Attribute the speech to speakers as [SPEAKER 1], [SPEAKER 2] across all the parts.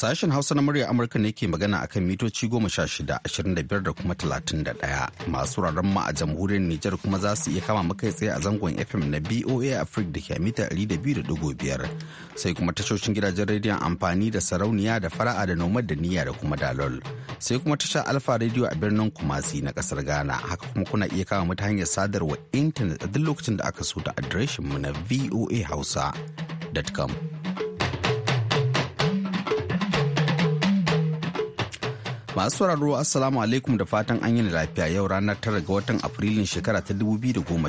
[SPEAKER 1] Sashen Hausa na murya Amurka ne ke magana a kan mitoci goma sha shida, ashirin da biyar da kuma talatin da ɗaya. Masu raron ma a jamhuriyar Nijar kuma za su iya kama makai tsaye a zangon FM na BOA Africa da ke mita ɗari da biyu da ɗigo biyar. Sai kuma tashoshin gidajen rediyon amfani da sarauniya da fara'a da nomad da niyya da kuma dalol. Sai kuma tasha Alfa rediyo a birnin Kumasi na ƙasar Ghana. Haka kuma kuna iya kama mu ta hanyar sadarwa intanet a duk lokacin da aka so ta adireshin mu na voahausa.com. Masu sauraro Assalamu alaikum da fatan an yi lafiya yau ranar tara ga watan Afrilun shekara ta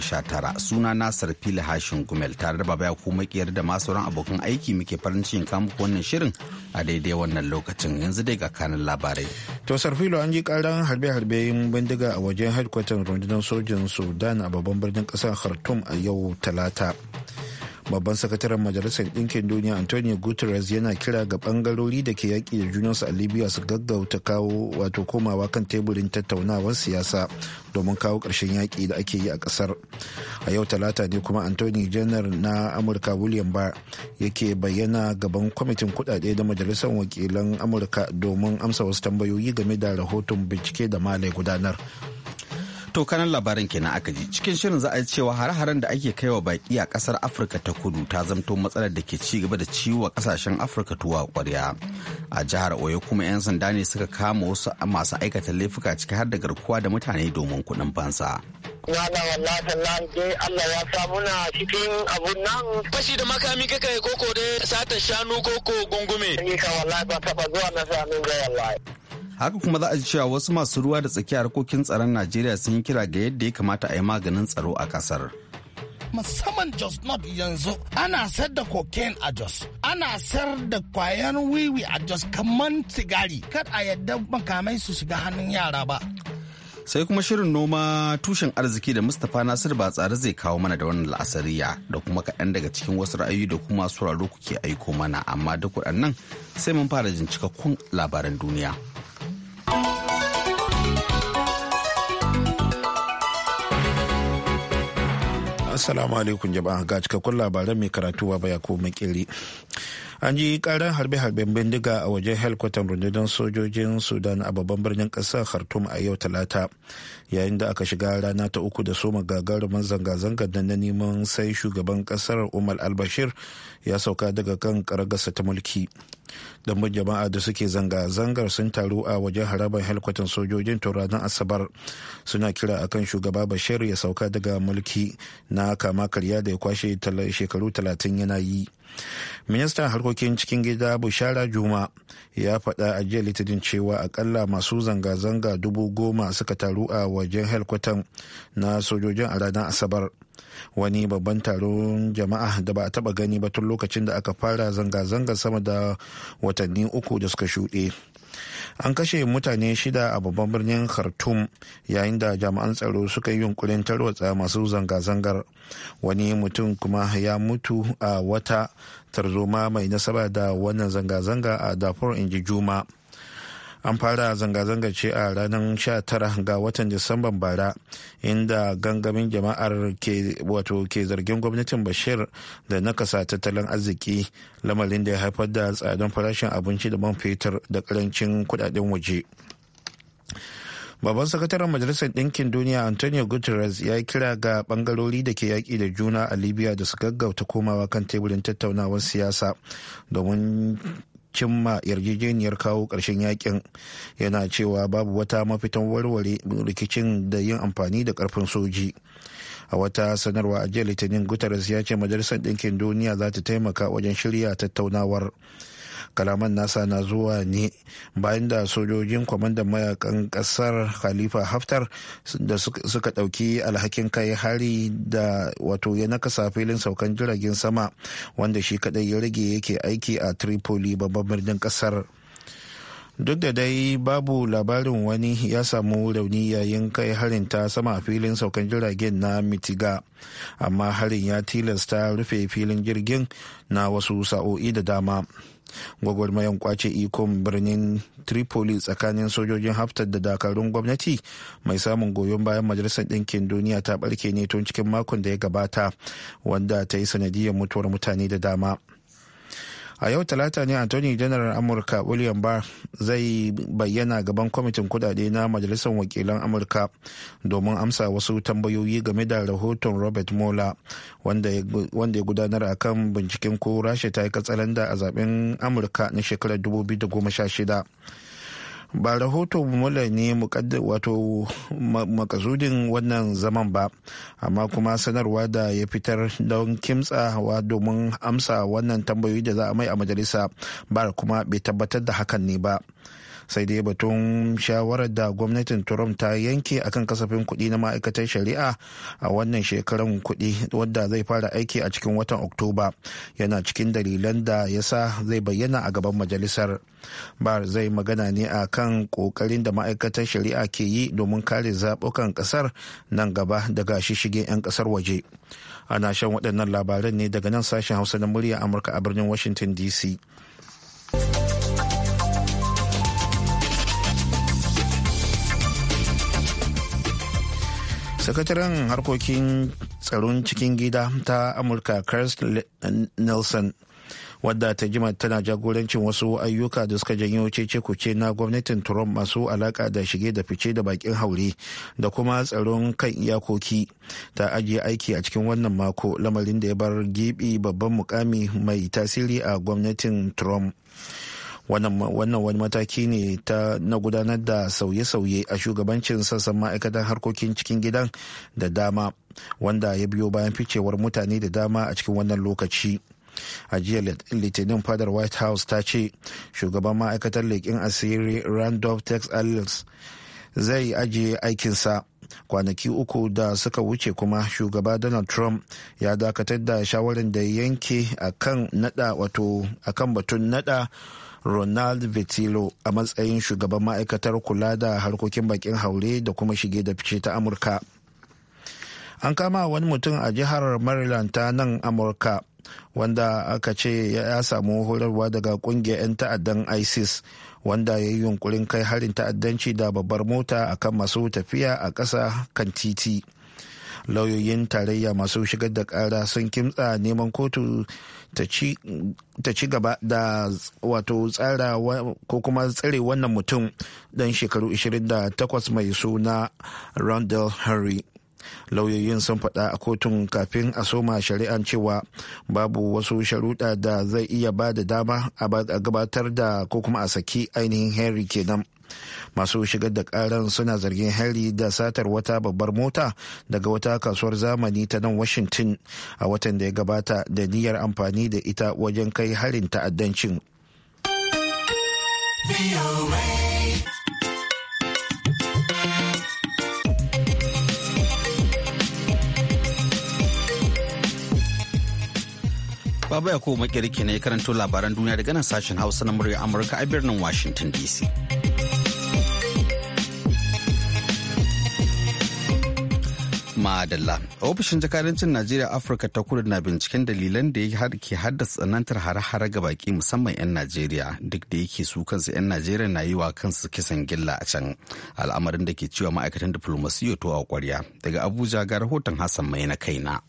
[SPEAKER 1] sha tara suna Nasar Fili Hashin Gumel tare da baba ko kiyar da masu sauran abokan aiki muke farin cikin kamu wannan shirin a daidai wannan lokacin yanzu dai ga kanin labarai. To
[SPEAKER 2] Sarfilo an ji karan harbe-harbe bindiga a wajen hedkwatan rundunar sojan Sudan a babban birnin kasar Khartoum a yau Talata. babban sakataren majalisar ɗinkin duniya antonio guterres yana kira ga bangarori da ke yaƙi da junansu a libya su gaggauta kawo wato komawa kan teburin tattaunawar siyasa domin kawo ƙarshen yaƙi da ake yi a ƙasar a yau talata ne kuma antonio janar na amurka william bar yake bayyana gaban kwamitin kuɗaɗe da majalisar wakilan amurka domin amsa wasu tambayoyi game
[SPEAKER 1] da rahoton bincike da malai gudanar To kanan labarin kenan aka ji cikin shirin za a cewa har-haren da ake wa baki a kasar Afirka ta kudu ta zamto matsalar da ke ci gaba da ciwo a kasashen Afirka tuwa kwarya. A jihar Oyo kuma 'yan sanda ne suka kama wasu masu aikata laifuka ciki har da garkuwa da mutane domin kuɗin fansa.
[SPEAKER 3] Wala wala je Allah ya sa muna cikin abun nan. Fashi da makami kaka koko dai satan shanu koko gungume. Ni ka ba taɓa zuwa na
[SPEAKER 1] sanu ga wallahi. haka kuma za a ji cewa wasu masu ruwa da tsakiyar harkokin tsaron najeriya sun yi kira ga yadda ya kamata a yi maganin tsaro a kasar
[SPEAKER 4] musamman jos not yanzu ana sayar da cocaine a jos ana sayar da kwayar wiwi a jos kamar sigari kar a yadda makamai su shiga hannun yara ba
[SPEAKER 1] sai kuma shirin noma tushen arziki da mustapha nasir ba tsare zai kawo mana da wannan la'asariya da kuma kaɗan daga cikin wasu ra'ayi da kuma sauraro kuke aiko mana amma duk waɗannan sai mun fara jin labaran duniya.
[SPEAKER 2] Assalamu alaikum jama'a ga cikakkun labaran mai karatu ba ya ko makili. an ji karan harbe-harben bindiga a wajen helkwatan rundunar sojojin sudan a babban birnin kasar khartoum a yau talata yayin da aka shiga rana ta uku da soma gagarumin zanga-zangar da na neman sai shugaban kasar umar albashir ya sauka daga kan karagarsa ta mulki dambun jama'a da suke zanga-zangar sun taru a wajen harabar helkwatan sojojin turanin asabar suna kira akan shugaba bashir ya sauka daga mulki na kama karya da ya kwashe shekaru talatin yana yi ministan harkokin cikin gida bushara juma ya faɗa a jiya litinin cewa akalla masu zanga-zanga dubu goma suka taru a wajen helkwatan na sojojin a ranar asabar wani babban taron jama'a da ba a taba gani ba tun lokacin da aka fara zanga zanga sama da watanni uku da suka shuɗe. an kashe mutane shida a babban birnin khartoum yayin da jami'an tsaro suka yi yunkurin tarwatsa masu zanga-zangar wani mutum kuma ya mutu a wata tarzoma mai nasaba da wannan zanga-zanga a dafur ji juma'a an fara zanga-zanga ce a ranar 19 ga watan disamban bara inda gangamin jama'ar ke wato ke zargin gwamnatin bashir da nakasa tattalin arziki lamarin da ya haifar da tsadon farashin abinci da man fetur da karancin kudaden waje babban sakataren majalisar ɗinkin duniya antonio guterres ya yi kira ga ɓangarori da ke yaƙi da juna a libya da su gaggauta komawa kan teburin tattaunawar siyasa domin cimma yarjejeniyar kawo ƙarshen yakin yana cewa babu wata mafitan warware rikicin da yin amfani da ƙarfin soji a wata sanarwa a jiya litinin guterres ya ce majalisar ɗinkin duniya za ta taimaka wajen shirya tattaunawar kalaman nasa na zuwa ne bayan da sojojin kwamandan mayakan kasar khalifa haftar da suka dauki alhakin kai hari da wato ya nakasa filin saukan jiragen sama wanda shi kadai ya rage yake aiki a tripoli babban birnin kasar duk da dai babu labarin wani ya samu rauni yayin kai harin ta sama a filin saukan jiragen na mitiga amma harin ya tilasta rufe filin jirgin na wasu sa'o'i da dama gwagwarmayan kwace ikon birnin tripoli tsakanin sojojin haftar da dakarun gwamnati mai samun goyon bayan majalisar ɗinkin duniya ta ɓarke ne tun cikin makon da ya gabata wanda ta yi sanadiyar mutuwar mutane da dama a yau talata ne anthony general amurka william barr zai bayyana gaban kwamitin kudade na majalisar wakilan amurka domin amsa wasu tambayoyi game da rahoton robert mola wanda ya gudanar a kan binciken ko rasha ta yi katsalanda a zaben amurka na shekarar 2016 ba rahoto mula ne wato makasudin wannan zaman ba amma kuma sanarwa da ya fitar don kimtsawa domin amsa wannan tambayoyi da za a mai a majalisa ba kuma bai tabbatar da hakan ne ba sai dai batun shawarar da gwamnatin trump ta yanke akan kasafin kuɗi na ma'aikatar shari'a a wannan shekarun kuɗi wadda zai fara aiki a cikin watan oktoba yana cikin dalilan da ya sa zai bayyana a gaban majalisar bar zai magana ne a kan ƙoƙarin da ma'aikatar shari'a ke yi domin kare zaɓukan ƙasar nan gaba daga shishige 'yan ƙasar waje ana shan waɗannan labaran ne daga nan sashen hausa na murya amurka a birnin washington dc sakataren harkokin tsaron cikin gida ta amurka chris nelson wadda ta jima tana jagorancin wasu ayyuka da suka janyo cece-kuce na gwamnatin trump masu alaka da shige da fice da bakin haure da kuma tsaron kan iyakoki ta ajiye aiki a cikin wannan mako lamarin da ya bar gibi babban mukami mai tasiri a gwamnatin trump wannan wani mataki ne ta na gudanar da sauye-sauye a shugabancin sassan ma'aikatan harkokin cikin gidan da dama wanda ya biyo bayan ficewar mutane da dama a cikin wannan lokaci a jiya litinin fadar white house ta ce shugaban ma'aikatar leƙin asiri randolph tex alice zai ajiye aikinsa kwanaki uku da suka wuce kuma shugaba donald trump ya dakatar da shawarar da yanke akan nada wato akan batun nada ronald vitilo a matsayin shugaban ma'aikatar kula da harkokin bakin haure da kuma shige da fice ta amurka an kama wani mutum a jihar maryland ta nan amurka wanda aka ce ya samu horarwa daga kungiyar 'yan ta'addan isis wanda ya yi yunkurin kai harin ta'addanci da babbar mota akan masu tafiya a ƙasa kan titi lauyoyin tarayya masu shigar da ƙara sun kimtsa neman kotu ta ci gaba da wato tsara ko kuma tsare wannan mutum dan shekaru 28 mai suna randall henry lauyoyin sun faɗa a kotun kafin a soma shari'an cewa babu wasu sharuɗa da zai iya ba da dama a gabatar da ko kuma a saki ainihin henry kenan. masu shigar da karan suna zargin harry da satar wata babbar mota daga wata kasuwar zamani ta nan washington a watan da ya gabata da niyyar amfani da ita wajen kai harin ta'addancin
[SPEAKER 1] Baba Yakubu Makirki ne karanto labaran duniya daga nan sashen Hausa na murya Amurka a birnin Washington DC. Madalla. Ofishin jakadancin Najeriya Afirka ta kudu na binciken dalilan da ke haddasa tsanantar hare-hare ga baki musamman 'yan Najeriya duk da yake su kansu 'yan Najeriya na yi wa kansu kisan gilla a can al'amarin da ke cewa ma'aikatan diflomasiyya to a kwarya daga Abuja ga rahoton Hassan mai na kaina.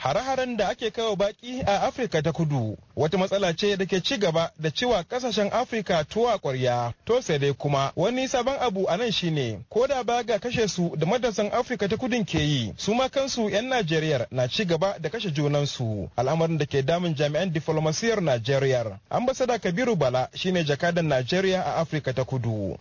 [SPEAKER 5] Hare-haren da ake kawo baki a Afirka ta kudu wata matsala ce da ke ci gaba da ciwa kasashen afirka tuwa kwarya to sai dai kuma wani sabon abu a nan shine ko da ba ga kashe su da matasan afirka ta kudin ke yi su ma kansu yan najeriya na ci gaba da kashe junansu al'amarin da ke damun jami'an diflomasiyar najeriya ambasada kabiru bala shine jakadan najeriya a afirka ta kudu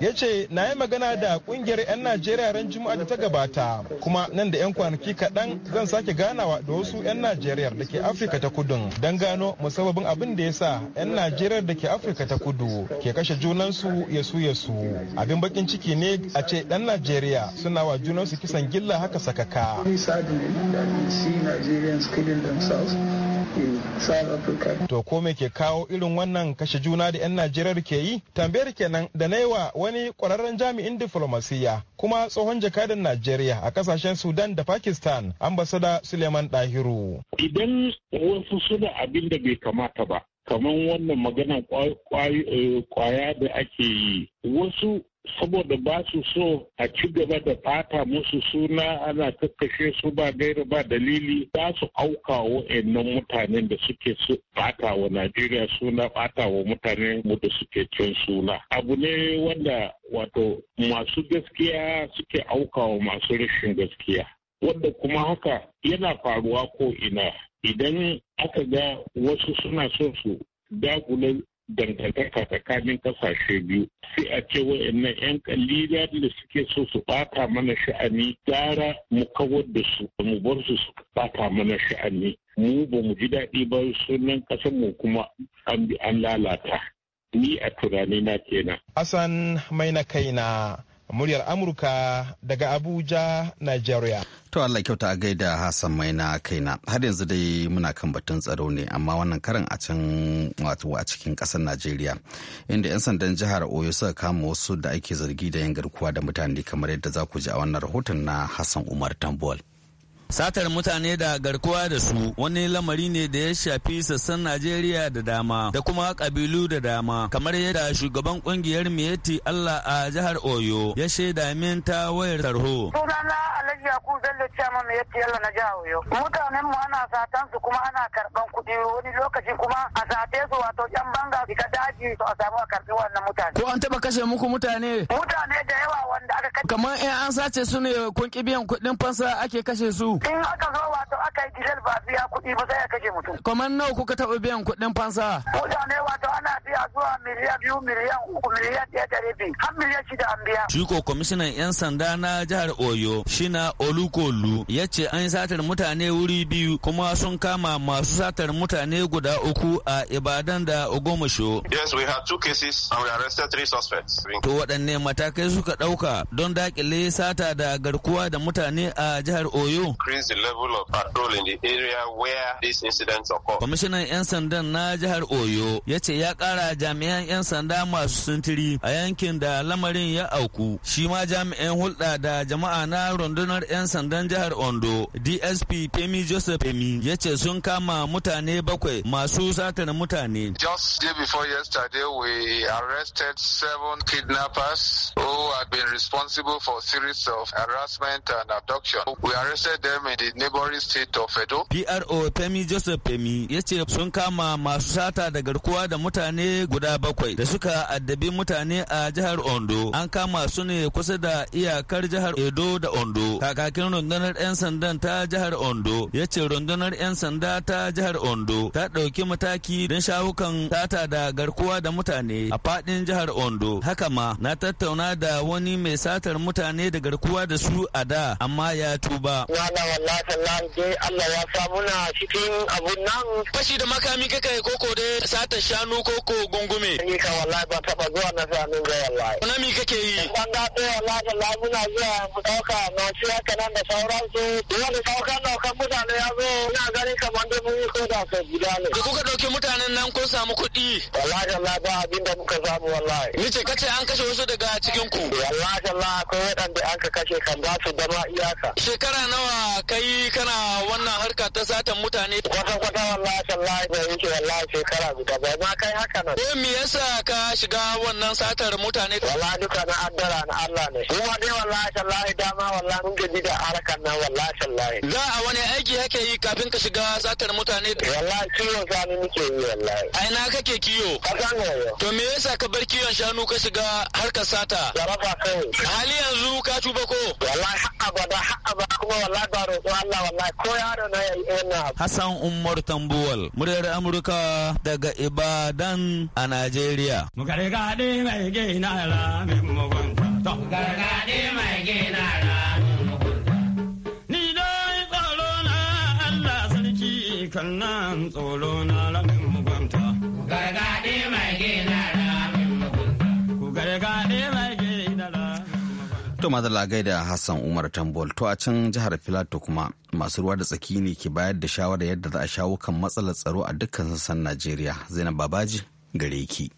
[SPEAKER 5] ya ce na yi magana da kungiyar 'yan Najeriya ran Juma'a da ta gabata kuma nan da 'yan kwanaki kaɗan zan sake ganawa da wasu 'yan Najeriya da ke Afirka ta Kudu don gano musababin abin da ya sa 'yan Najeriya da ke Afirka ta Kudu ke kashe junansu yasu yasu. Abin bakin ciki ne a ce 'yan Najeriya suna wa junansu kisan gilla haka sakaka. To ko me ke kawo irin wannan kashe juna da 'yan Najeriya ke yi? Tambayar kenan da na yi wa wani ƙwararren jami'in diflomasiyya kuma tsohon jakadan Najeriya a kasashen Sudan da Pakistan, ambasada Suleiman Dahiru.
[SPEAKER 6] Idan wasu suna abin da bai kamata ba, kamar wannan magana kwaya eh, da ake yi wasu saboda ba su so a ci gaba da fata musu suna ana kakkashe su ba gaira ba dalili za su auka wa'annan mutanen da suke su fata wa Najeriya suna fata wa mutane mu da suke cin suna. Abu ne wanda wato masu gaskiya suke auka wa masu rashin gaskiya. Wanda kuma haka yana faruwa ko ina idan aka ga wasu suna so su dagula dangantaka tsakanin kasashe biyu sai a ce wa'in 'yan kalila da suke so su bata mana sha'ani gara mu kawar da su mu bar su su bata mana sha'ani mu ba mu ji daɗi ba sunan ƙasar mu kuma an lalata ni a tunani na kenan.
[SPEAKER 5] Hassan mai na kaina muryar Amurka daga Abuja, Nigeria.
[SPEAKER 1] To Allah kyauta a gaida Hassan mai na kaina. Har yanzu dai muna kan batun tsaro ne amma wannan karan a can wato a cikin ƙasar Najeriya inda 'yan sandan jihar Oyo suka kama wasu da ake zargi da yin garkuwa da mutane kamar yadda za ku ji a wannan rahoton na Hassan Umar Tambol.
[SPEAKER 7] Satar mutane da garkuwa da su wani lamari ne da ya shafi sassan Najeriya da dama da kuma kabilu da dama kamar yadda shugaban kungiyar Miyeti Allah a jihar Oyo ya shaida min ta wayar tarho.
[SPEAKER 3] Sunana Alhaji Yakubu Bello Chairman Allah na jihar Oyo. Mutanen mu ana satan su kuma ana karban kuɗi wani lokaci kuma a sate su wato yan banga ka daji su a samu a karbi wannan mutane. Ko an taba kashe muku mutane? Mutane da yawa wanda aka kashe. Kamar in an sace su
[SPEAKER 7] ne kun biyan kuɗin fansa ake kashe su. in eh,
[SPEAKER 3] aka zo wato aka yi diesel
[SPEAKER 7] ba biya kuɗi ba sai ya kashe mutum. kamar nawa kuka taɓa biyan kuɗin fansa. mutane wato
[SPEAKER 3] ana biya zuwa miliyan biyu miliyan uku miliyan ɗaya da rabi har miliyan shida an biya.
[SPEAKER 7] shiko kwamishinan yan sanda na jihar oyo shina olukolu ya ce an yi satar mutane wuri biyu kuma sun kama masu satar mutane guda uku a ibadan da ogomosho.
[SPEAKER 2] yes we had two cases and we arrested three suspects. to
[SPEAKER 7] waɗanne matakai suka ɗauka don daƙile sata da garkuwa da mutane a jihar oyo.
[SPEAKER 2] increase the level of patrol in the area where these incidents occur.
[SPEAKER 7] Kwamishinan 'yan sandan na jihar Oyo ya ce ya kara jami'an 'yan sanda masu sintiri a yankin da lamarin ya auku. Shi ma jami'an hulɗa da jama'a na rundunar 'yan sandan jihar Ondo DSP Femi Joseph Femi ya ce sun kama mutane bakwai masu satar mutane.
[SPEAKER 3] Just day before yesterday we arrested seven kidnappers who had been responsible for series of harassment and abduction. We arrested them them the neighboring state of Edo.
[SPEAKER 7] PRO Femi Joseph Femi ya ce sun kama masu sata da garkuwa da mutane guda bakwai da suka addabi mutane a jihar Ondo. An kama su ne kusa da iyakar jihar Edo da Ondo. Kakakin rundunar 'yan sandan ta jihar Ondo ya ce rundunar 'yan sanda ta jihar Ondo ta ɗauki mataki don shawukan sata da garkuwa da mutane a faɗin jihar Ondo. Haka ma na tattauna da wani mai satar mutane da garkuwa da su a da amma ya tuba. Wala
[SPEAKER 3] da wallahi tallahi dai Allah ya sa muna cikin abun nan fashi da makami kaka kake koko dai sata shanu koko gungume ni ka wallahi ba taba zuwa na sanu ga wallahi na mi kake yi ban ga dai wallahi tallahi muna zuwa mu ɗauka na shi haka nan da sauransu dole sai guda ne. Da kuka ɗauki mutanen nan kun samu kuɗi. Wallahi Allah ba abin da muka samu wallahi. Ni ce kace an kashe wasu daga cikin ku. Wallahi Allah akwai waɗanda an ka kashe kan ba su zama iyaka. Shekara nawa kai kana wannan harka ta satan mutane. Kwata kwata wallahi Allah ya yake wallahi shekara guda ba ma kai Eh me yasa ka shiga wannan satar mutane? Wallahi duka na addara na Allah ne. Kuma dai wallahi da dama wallahi mun gaji da harkar nan wallahi sallahi. Za a wani aiki kake yi kafin ka shiga satar mutane? Wallahi kiwo shanu muke yi wallahi. Ai na kake kiwo? Kasan yau. To me yasa ka bar kiwon shanu ka shiga harkar sata? Jaraba kai. Hali yanzu ka tuba ko? Wallahi ba da har ba. kuma wallahi ba roƙo
[SPEAKER 7] Allah wallahi ko yaro na ya yi wannan Hassan Umar Tambuwal muryar Amurka daga Ibadan a Najeriya mu gare gade mai gina ra mai mugunta to gare gade
[SPEAKER 8] mai gina ra ni dai tsoro na Allah sarki
[SPEAKER 7] kan
[SPEAKER 1] nan tsoro na To madalla gaida Hassan Umar Tambol to a can jihar Filato kuma masu ruwa da tsaki ne ke bayar da shawarar yadda za a shawo kan matsalar tsaro a dukkan sassan Najeriya. Zainab Babaji gare ki.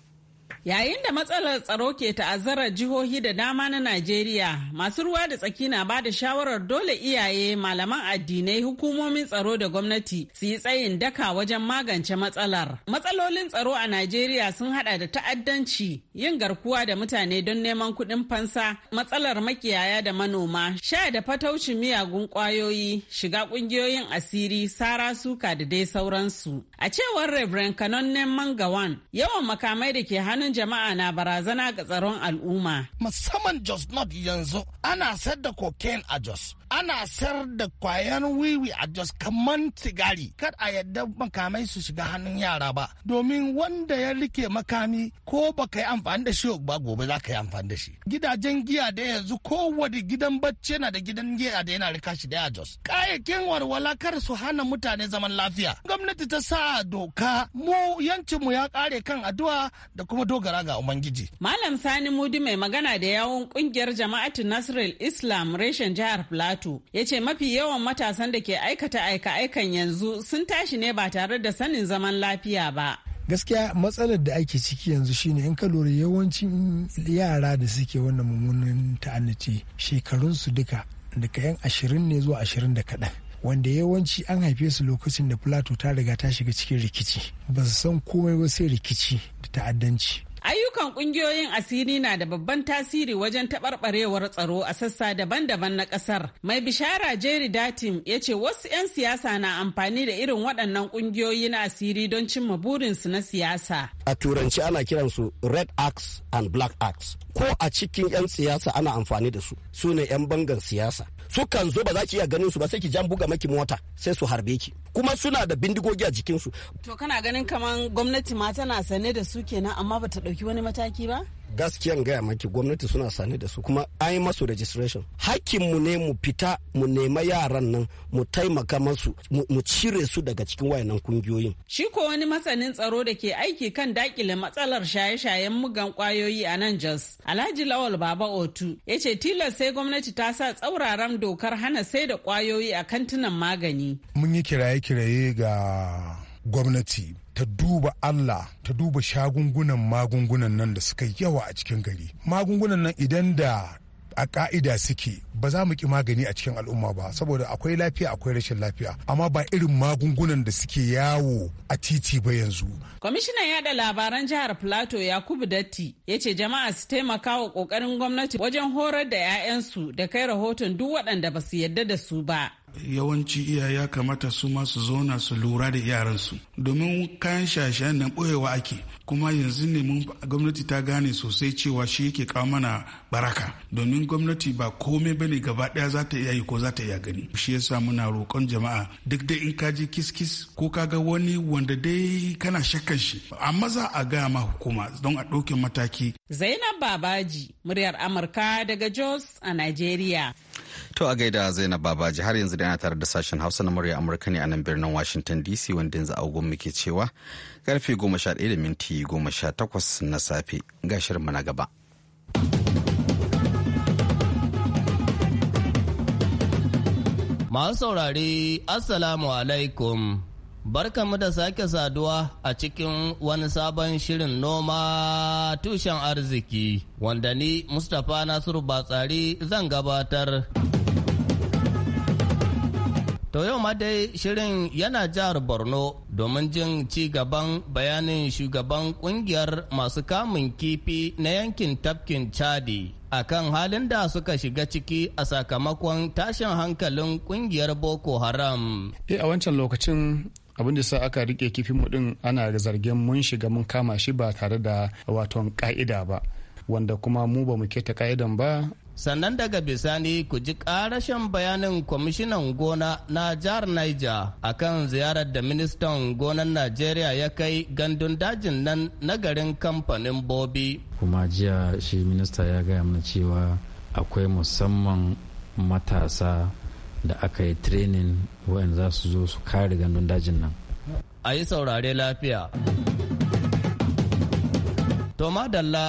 [SPEAKER 9] Yayin da matsalar tsaro ke ta'azzara jihohi da dama na Najeriya, masu ruwa da tsaki na ba da shawarar dole iyaye, malaman addinai, hukumomin tsaro da gwamnati su yi tsayin daka wajen magance matsalar. Matsalolin tsaro a Najeriya sun hada da ta'addanci, yin garkuwa da mutane don neman kuɗin fansa, matsalar makiyaya da manoma, sha da fataucin miyagun ƙwayoyi, shiga ƙungiyoyin asiri, sara suka da dai sauransu. A cewar Reverend Kanonnen gawan yawan makamai da ke hannun jama'a na barazana ga tsaron al'umma. Musamman Jos not yanzu ana sayar da cocaine
[SPEAKER 4] a Jos. Ana sayar da kwayan wiwi a Jos kamar sigari. Kar a yadda makamai su shiga hannun yara ba. Domin wanda ya rike makami ko baka yi amfani da shi ba gobe za ka yi amfani da shi. Gidajen giya da yanzu kowane gidan bacci yana da gidan giya da yana rika shi da a Jos. Kayayyakin walwala kar su hana mutane zaman lafiya. Gwamnati ta sa doka mu yancinmu ya kare kan addu'a da kuma doka dogara ga Ubangiji.
[SPEAKER 9] Malam Sani Mudi mai magana da yawun kungiyar jama'atu Nasril Islam reshen jihar Plateau ya ce mafi yawan matasan da ke aikata aika-aikan yanzu sun tashi ne ba tare da sanin zaman lafiya ba.
[SPEAKER 5] gaskiya matsalar da ake ciki yanzu shine in ka lura yawancin yara da suke wannan mummunan ta'annaci shekarunsu duka daga yan ashirin ne zuwa ashirin da kaɗan wanda yawanci an haife su lokacin da plato ta riga ta shiga cikin rikici ba su san komai ba sai rikici da ta'addanci
[SPEAKER 9] kungiyoyin asiri na da babban tasiri wajen taɓarɓarewar tsaro a sassa daban-daban na ƙasar. Mai bishara Jerry Datim ya ce wasu 'yan siyasa na amfani da irin waɗannan kungiyoyi na asiri don cimma burinsu na siyasa.
[SPEAKER 1] A turanci ana kiransu Red Axe and Black Axe. Ko a cikin 'yan siyasa ana amfani da su. Su ne 'yan bangan siyasa. su kan zo ba za ki iya ganin su ba sai ki jan buga maki mota sai su harbe ki kuma suna da bindigogi a jikinsu
[SPEAKER 9] to kana ganin kamar gwamnati ma tana sane da su kenan amma bata ɗauki wani mataki ba
[SPEAKER 1] gaskiyan gaya maki gwamnati suna sane da su kuma an yi masu registration mu ne mu fita mu nema yaran nan mu taimaka masu mu cire su daga cikin wayannan
[SPEAKER 8] kungiyoyin
[SPEAKER 9] shi ko wani masanin tsaro da ke aiki kan dakile matsalar shaye-shayen mugan kwayoyi a nan jos alhaji lawal baba otu ya ce tilas sai gwamnati ta sa tsauraran dokar hana sai da kwayoyi a kantinan magani
[SPEAKER 5] mun yi kiraye-kiraye ga gwamnati ta duba Allah ta duba shagungunan magungunan nan da suka yawa a cikin gari magungunan nan idan da a ka'ida suke ba za mu ki magani a cikin al'umma ba saboda akwai lafiya akwai rashin lafiya amma ba irin magungunan da suke
[SPEAKER 4] yawo a titi ba yanzu.
[SPEAKER 9] kwamishinan yada labaran jihar plateau yakubu datti ya ce jama'a su taimaka wa kokarin gwamnati wajen horar da 'ya'yansu da kai rahoton duk waɗanda ba su yadda da su ba
[SPEAKER 5] yawanci iyaye ya kamata su ma su zauna su lura da yaransu domin kayan shaye na nan ɓoyewa ake kuma yanzu ne mun gwamnati ta gane sosai cewa shi yake kawo mana baraka domin gwamnati ba komai ne gaba ɗaya za ta iya yi ko za ta iya gani shi yasa muna roƙon jama'a duk da in ka je kiskis ko ka ga wani wanda dai kana shakkan shi a maza a gaya ma hukuma don a ɗauke mataki
[SPEAKER 9] zainab babaji muryar amurka daga jos a nigeria
[SPEAKER 1] To a gaida Zainab Babaji har yanzu da yana tare da sashen Hausa na murya Amurka ne a nan birnin Washington DC wanda yanzu agogon muke cewa karfe 11 da minti 18 na safe ga shirinmu na gaba.
[SPEAKER 8] Masu saurare, Assalamu alaikum. Barkanmu da sake saduwa a cikin wani sabon shirin noma tushen arziki wanda ni Mustapha Nasiru Batsari zan gabatar. To yau ma dai shirin yana jihar Borno domin jin ci gaban bayanin shugaban kungiyar masu kamun kifi na yankin tafkin Chadi a kan halin da suka shiga ciki a sakamakon tashin hankalin kungiyar Boko Haram. E a wancan lokacin abin da
[SPEAKER 10] sa aka rike kifin mu din ana zargin mun shiga mun kama shi ba tare da waton ka'ida ba wanda kuma mu ba mu keta ka'idan ba
[SPEAKER 8] sannan daga bisani ku ji karashin bayanin kwamishinan gona na jihar niger akan ziyarar da ministan gonan najeriya ya kai gandun dajin nan na garin kamfanin bobi
[SPEAKER 11] kuma jiya shi minista ya gaya mana cewa akwai musamman matasa da aka yi training wayan za su zo su kare gandun dajin nan
[SPEAKER 8] a yi saurare lafiya to Dalla,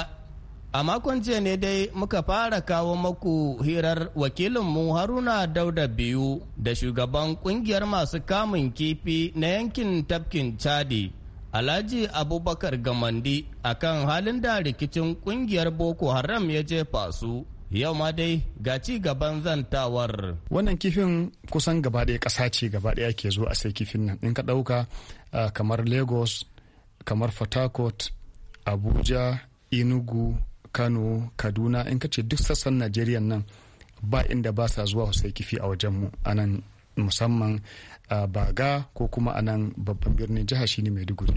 [SPEAKER 8] a makon jiya ne dai muka fara kawo maku hirar wakilinmu haruna dauda biyu da shugaban kungiyar masu kamun kifi na yankin tafkin chadi Alhaji Abubakar Gamandi akan halin da rikicin kungiyar Boko Haram ya jefa su yau ma dai ga ci gaban zantawar.
[SPEAKER 10] Wannan kifin kusan gaba ɗaya ƙasa ce gaba ɗaya ke zo a sai kifin nan in ka ɗauka kamar Lagos, kamar Fatakot, Abuja, Enugu, Kano, Kaduna in ka ce duk sassan Najeriya nan ba inda ba sa zuwa sai kifi a wajenmu a nan musamman a Baga ko kuma a nan babban birnin jiha shine Maiduguri.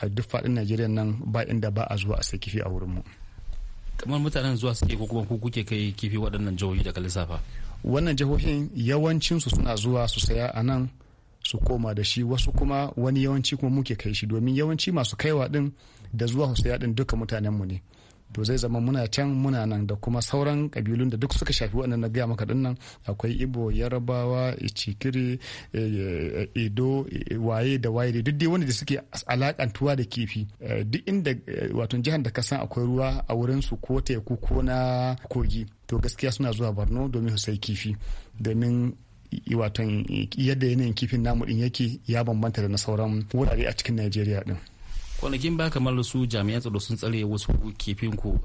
[SPEAKER 10] A duk faɗin Najeriya nan ba inda ba a zuwa a sai kifi a wurinmu.
[SPEAKER 7] kamar mutanen zuwa suke ko kuma ku kuke kai kifi waɗannan jihohi daga lissafa
[SPEAKER 10] wannan jihohin yawancinsu suna zuwa su saya a nan su koma da shi wasu kuma wani yawanci kuma muke kai shi domin yawanci masu kaiwa din da zuwa su saya din duka mutanenmu ne to zai zama muna can muna nan da kuma sauran kabilun da duk suka shafi wannan na gaya maka dinnan akwai ibo yarabawa icikiri eh, eh, edo eh, waye da waye duk dai wanda da suke alakantuwa da kifi duk inda wato jihar da ka san akwai ruwa a wurin su ko teku ko na kogi to gaskiya suna zuwa borno domin su sai kifi domin yadda yanayin kifin namu din yake ya bambanta da na sauran wurare a cikin najeriya din
[SPEAKER 7] kwanakin ba kamar su jami'an tsaro sun tsare wasu kifin ku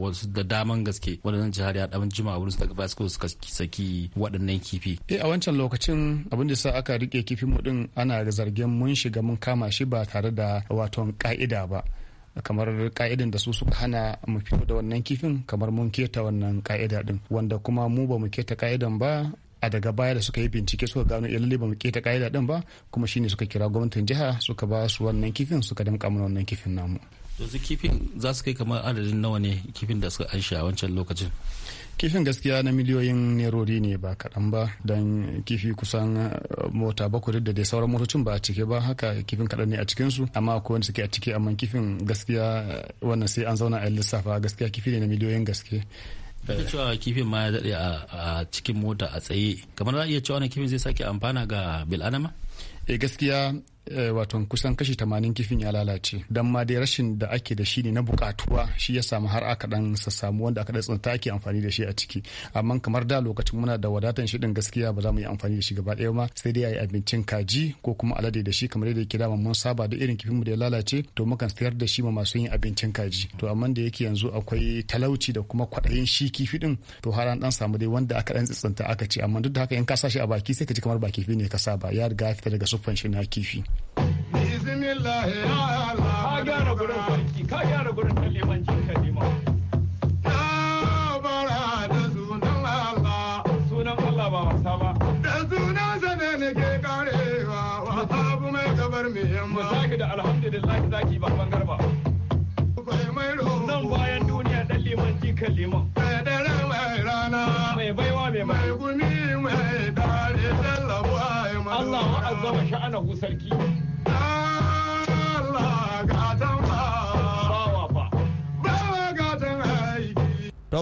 [SPEAKER 7] wasu da daman gaske waɗannan jihar ya ɗan jima wurin su daga basko suka saki
[SPEAKER 1] waɗannan kifi.
[SPEAKER 10] eh a wancan lokacin abin da sa aka rike kifin mu din ana zargin mun shiga mun kama shi ba tare da waton ka'ida ba kamar ka'idan da su suka hana mu fito da wannan kifin kamar mun keta wannan ka'ida din wanda kuma mu ba mu keta ka'idan ba a daga baya da suka yi bincike suka gano ya eh, lalle ba mu keta ka'ida din ba kuma shine suka kira gwamnatin jiha suka ba su wannan kifin suka damƙa mana wannan kifin namu
[SPEAKER 7] yanzu kifin za su kai kamar adadin nawa ne kifin da suka anshi a wancan lokacin
[SPEAKER 10] kifin gaskiya na miliyoyin nerori ne ba kaɗan ba don kifi kusan eh, mota bakwai da dai sauran motocin ba a cike ba haka kifin kaɗan ne a cikinsu amma akwai wanda suke a ciki amma kifin gaskiya eh, wannan sai an zauna a lissafa gaskiya kifi ne na miliyoyin gaske da eh.
[SPEAKER 7] cewa kifin ma ya daɗe a cikin mota
[SPEAKER 10] a tsaye kamar za a iya cewa wani kifin zai sake amfana ga bil'adama? eh gaskiya Eh, wato kusan kashi tamanin kifin ya lalace Don ma dai rashin da ake da shi ne na bukatuwa shi ya samu har aka dan sassamu wanda aka tsinta ake amfani da shi a ciki amma kamar da lokacin muna da wadatan shi din gaskiya ba za mu yi amfani da shi gaba ɗaya ma sai dai a yi abincin kaji ko kuma alade da shi kamar yadda yake dama mun saba da irin kifin mu da ya lalace to kan sayar da shi ma masu yin abincin kaji to amma da yake yanzu akwai talauci da kuma kwaɗayin shi kifi din to har an dan samu dai wanda aka dan tsinta aka ce amma duk da haka in ka sa shi a baki sai ka ji kamar ba kifi ne ka saba ya riga ya fita daga siffan shi na kifi
[SPEAKER 5] Thank you.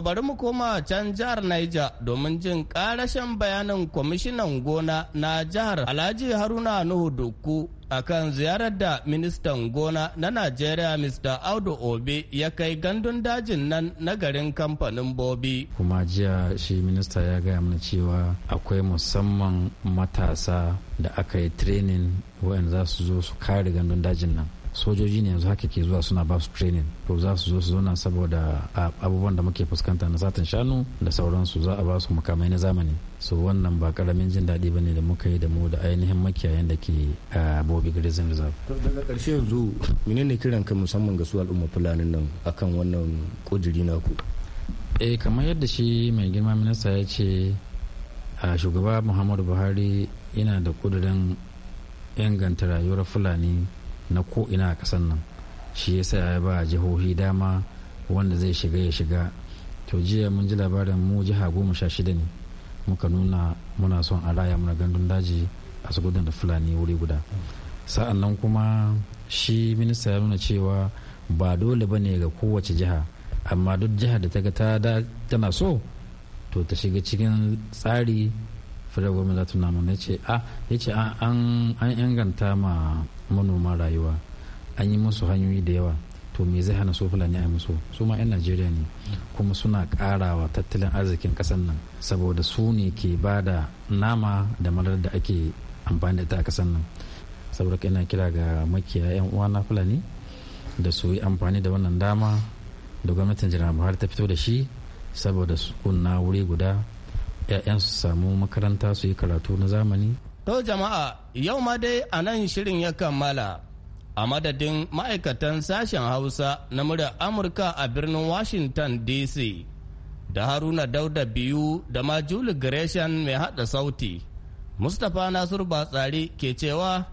[SPEAKER 8] bari mu koma can jihar Niger domin jin karashen bayanin kwamishinan gona na jihar Alhaji Haruna Nuhu Doku kan ziyarar da ministan gona na Najeriya Mr. Audu Obe ya kai gandun dajin nan na garin kamfanin Bobi.
[SPEAKER 11] Kuma jiya shi minista ya gaya mana cewa akwai musamman matasa da aka yi training waɗanda za su zo su kare gandun dajin nan. sojoji ne yanzu haka ke zuwa suna ba su training to za su zo su zauna saboda abubuwan da muke fuskanta na satin shanu da sauransu za a ba su makamai na zamani so wannan ba karamin jin daɗi ba ne da muka yi da mu da ainihin makiyayan da ke a bobi grazing
[SPEAKER 8] reserve daga ƙarshe yanzu menene kiran ka musamman ga su al'umma fulani nan akan wannan
[SPEAKER 11] ƙudiri naku eh kamar yadda shi mai girma minista ya ce a shugaba muhammadu buhari yana da kudurin inganta rayuwar fulani na ko'ina a ƙasar nan shi ya sa ya ba jihohi dama wanda zai shiga ya shiga to jiya mun ji labarin mu jiha goma sha shida ne muka nuna muna son a raya muna gandun daji a su da fulani wuri guda sa'an nan kuma shi minista ya nuna cewa ba dole ba ne ga kowace jiha amma duk jiha da ta ga ta tana so to ta shiga cikin tsari federal gwamnati na ta ce a ya ce ah, ah, an inganta ma manoma rayuwa an yi musu hanyoyi da yawa to me zai hana su fulani a musu su ma 'yan najeriya ne kuma suna karawa tattalin arzikin kasar nan saboda su ne ke ba da nama da marar da ake amfani da ta a kasar nan saboda ina kira ga makiya 'yan uwana fulani da su yi amfani da wannan dama da gwamnatin jiran buhari ta fito da shi saboda su kunna wuri guda 'ya'yan su samu makaranta su yi karatu na zamani
[SPEAKER 8] To jama'a yau ma dai a nan shirin ya kammala a madadin ma'aikatan sashen Hausa na muryar Amurka a birnin Washington DC da Haruna Dauda biyu da ma Julie Gresham mai haɗa sauti. Mustapha Nasiru Batsari ke cewa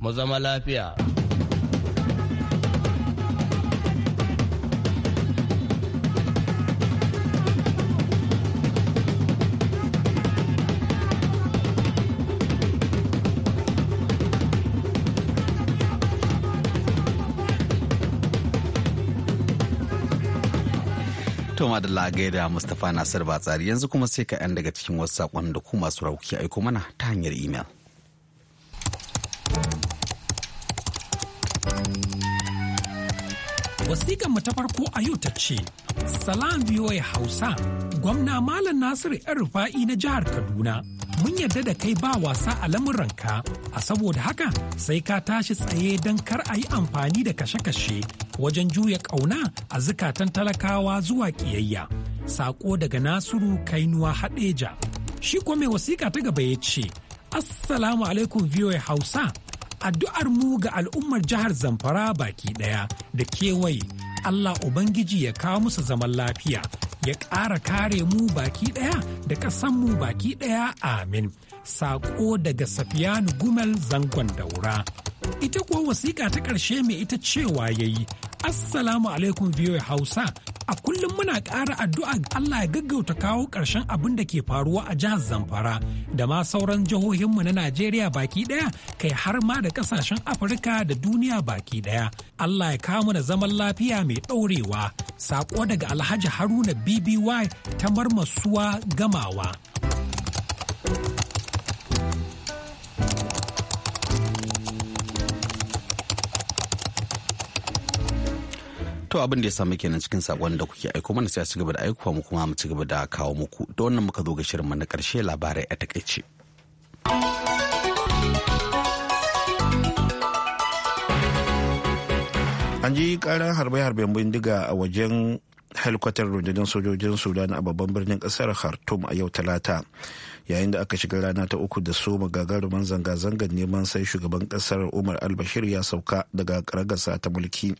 [SPEAKER 8] mu zama lafiya.
[SPEAKER 1] To da gaida Mustapha Nasir Batsari yanzu kuma sai ka 'yan daga cikin wasu saƙon da ku masu rauki aiko mana ta hanyar imel.
[SPEAKER 12] Wasiƙan mu ta farko a yau ta ce, Salam ya Hausa, gwamna Malam Nasiru 'yan rufa'i na jihar Kaduna. mun yarda da kai ba wasa a ka a saboda haka sai ka tashi tsaye don kar a yi amfani da kashe-kashe wajen juya ƙauna a zukatan talakawa zuwa ƙiyayya saƙo daga nasiru kainuwa haɗeja shi kuwa mai wasiƙa ta gaba ya ce assalamu alaikum voa hausa addu'ar mu ga al'ummar jihar zamfara baki ɗaya da kewaye Allah Ubangiji ya kawo musu zaman lafiya, ya ƙara kare mu baki ɗaya da ƙasan mu baki ɗaya amin. Saƙo daga Safiyanu Gumel zangon daura. Ita kuwa wasiƙa ta ƙarshe mai ita cewa ya yi, Assalamu alaikum biyoyi Hausa. A kullum muna ƙara addu'a Allah ya gaggauta kawo ƙarshen abin da ke faruwa a jihar Zamfara da ma sauran jihohinmu na Najeriya baki ɗaya kai har ma da ƙasashen Afirka da duniya baki ɗaya. Allah ya kawo na zaman lafiya mai ɗaurewa. Saƙo daga Alhaji Haruna BBY ta marmasuwa gamawa.
[SPEAKER 1] to abin da ya samu kenan cikin sakon da kuke aiko mana sai a cigaba gaba da aikowa mu kuma mu ci gaba da kawo muku da wannan muka zo ga shirin na karshe labarai a takaice
[SPEAKER 2] an ji karan harbe-harben bindiga a wajen helikwatar rundunar sojojin sudan a babban birnin kasar khartoum a yau talata yayin da aka shiga rana ta uku da so gagarumin zanga-zangar neman sai shugaban kasar umar albashir ya sauka daga karagarsa ta mulki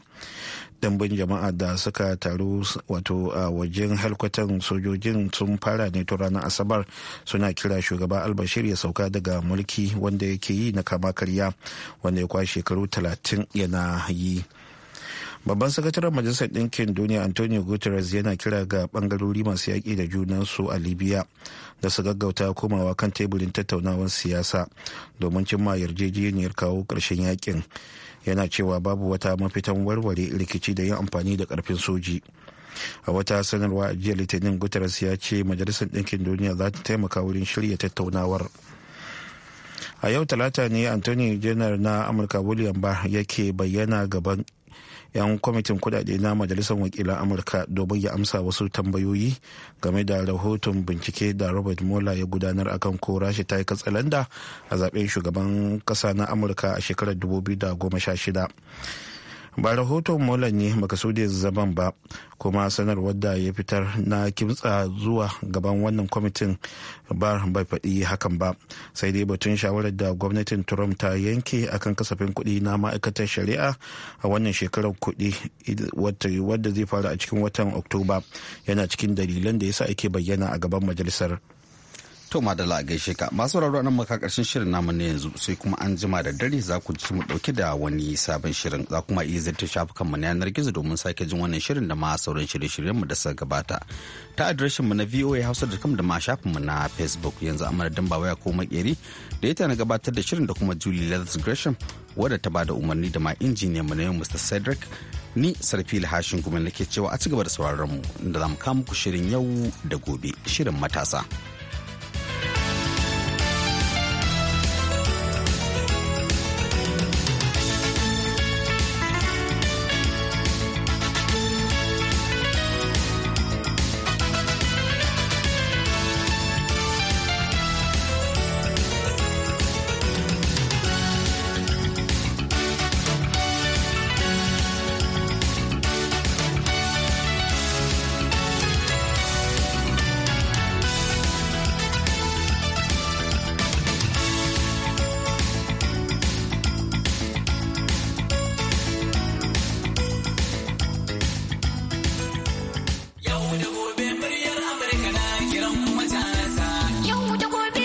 [SPEAKER 2] dambin jama'a da suka taru wato a wajen halkwatan sojojin sun fara ne tun ranar asabar suna kira shugaba albashir ya sauka daga mulki wanda yake yi na kama karya wanda ya kwashe shekaru talatin yana yi babban sakataren majalisar ɗinkin duniya antonio guterres yana kira ga ɓangarori masu yaƙi da junan su a libya da su gaggauta komawa kan teburin tattaunawar siyasa domin cimma yarjejeniyar kawo ƙarshen yakin yana cewa babu wata mafitan warware rikici da yin amfani da ƙarfin soji a wata sanarwa a jiya litinin guterres ya ce majalisar ɗinkin duniya za ta taimaka wurin shirya tattaunawar a yau talata ne antonio janar na amurka william bar yake bayyana gaban 'yan kwamitin kudade na majalisar wakilan amurka domin ya amsa wasu tambayoyi game da rahoton bincike da robert mola ya gudanar akan ko rashi ta yi katsalanda a zaben shugaban kasa na amurka a shekarar 2016 ba rahoton molan ne makasudin zaman ba kuma sanarwar da ya fitar na kimtsa zuwa gaban wannan kwamitin ba bai faɗi hakan ba sai dai batun shawarar da gwamnatin trump ta yanke akan kasafin kuɗi na ma'aikatar shari'a a wannan shekarar kuɗi wadda zai fara a cikin watan
[SPEAKER 1] oktoba yana cikin dalilan da yasa ake bayyana a gaban majalisar To madala a gaishe ka masu raro nan maka karshen shirin namu ne yanzu sai kuma an jima da dare za ku ci mu dauki da wani sabon shirin za kuma iya zirta shafukan mu na yanar gizo domin sake jin wannan shirin da ma sauran shirye-shiryen mu da suka gabata ta adireshin mu na hausa da da ma shafin mu na facebook yanzu amma da waya ko makeri da ita na gabatar da shirin da kuma Julie Leathers Gresham wadda ta bada umarni da ma injiniyan mu na yau Mr Cedric ni sarfi hashin kuma nake cewa a ci gaba da sauraron mu da zamu kawo muku shirin yau da gobe shirin matasa.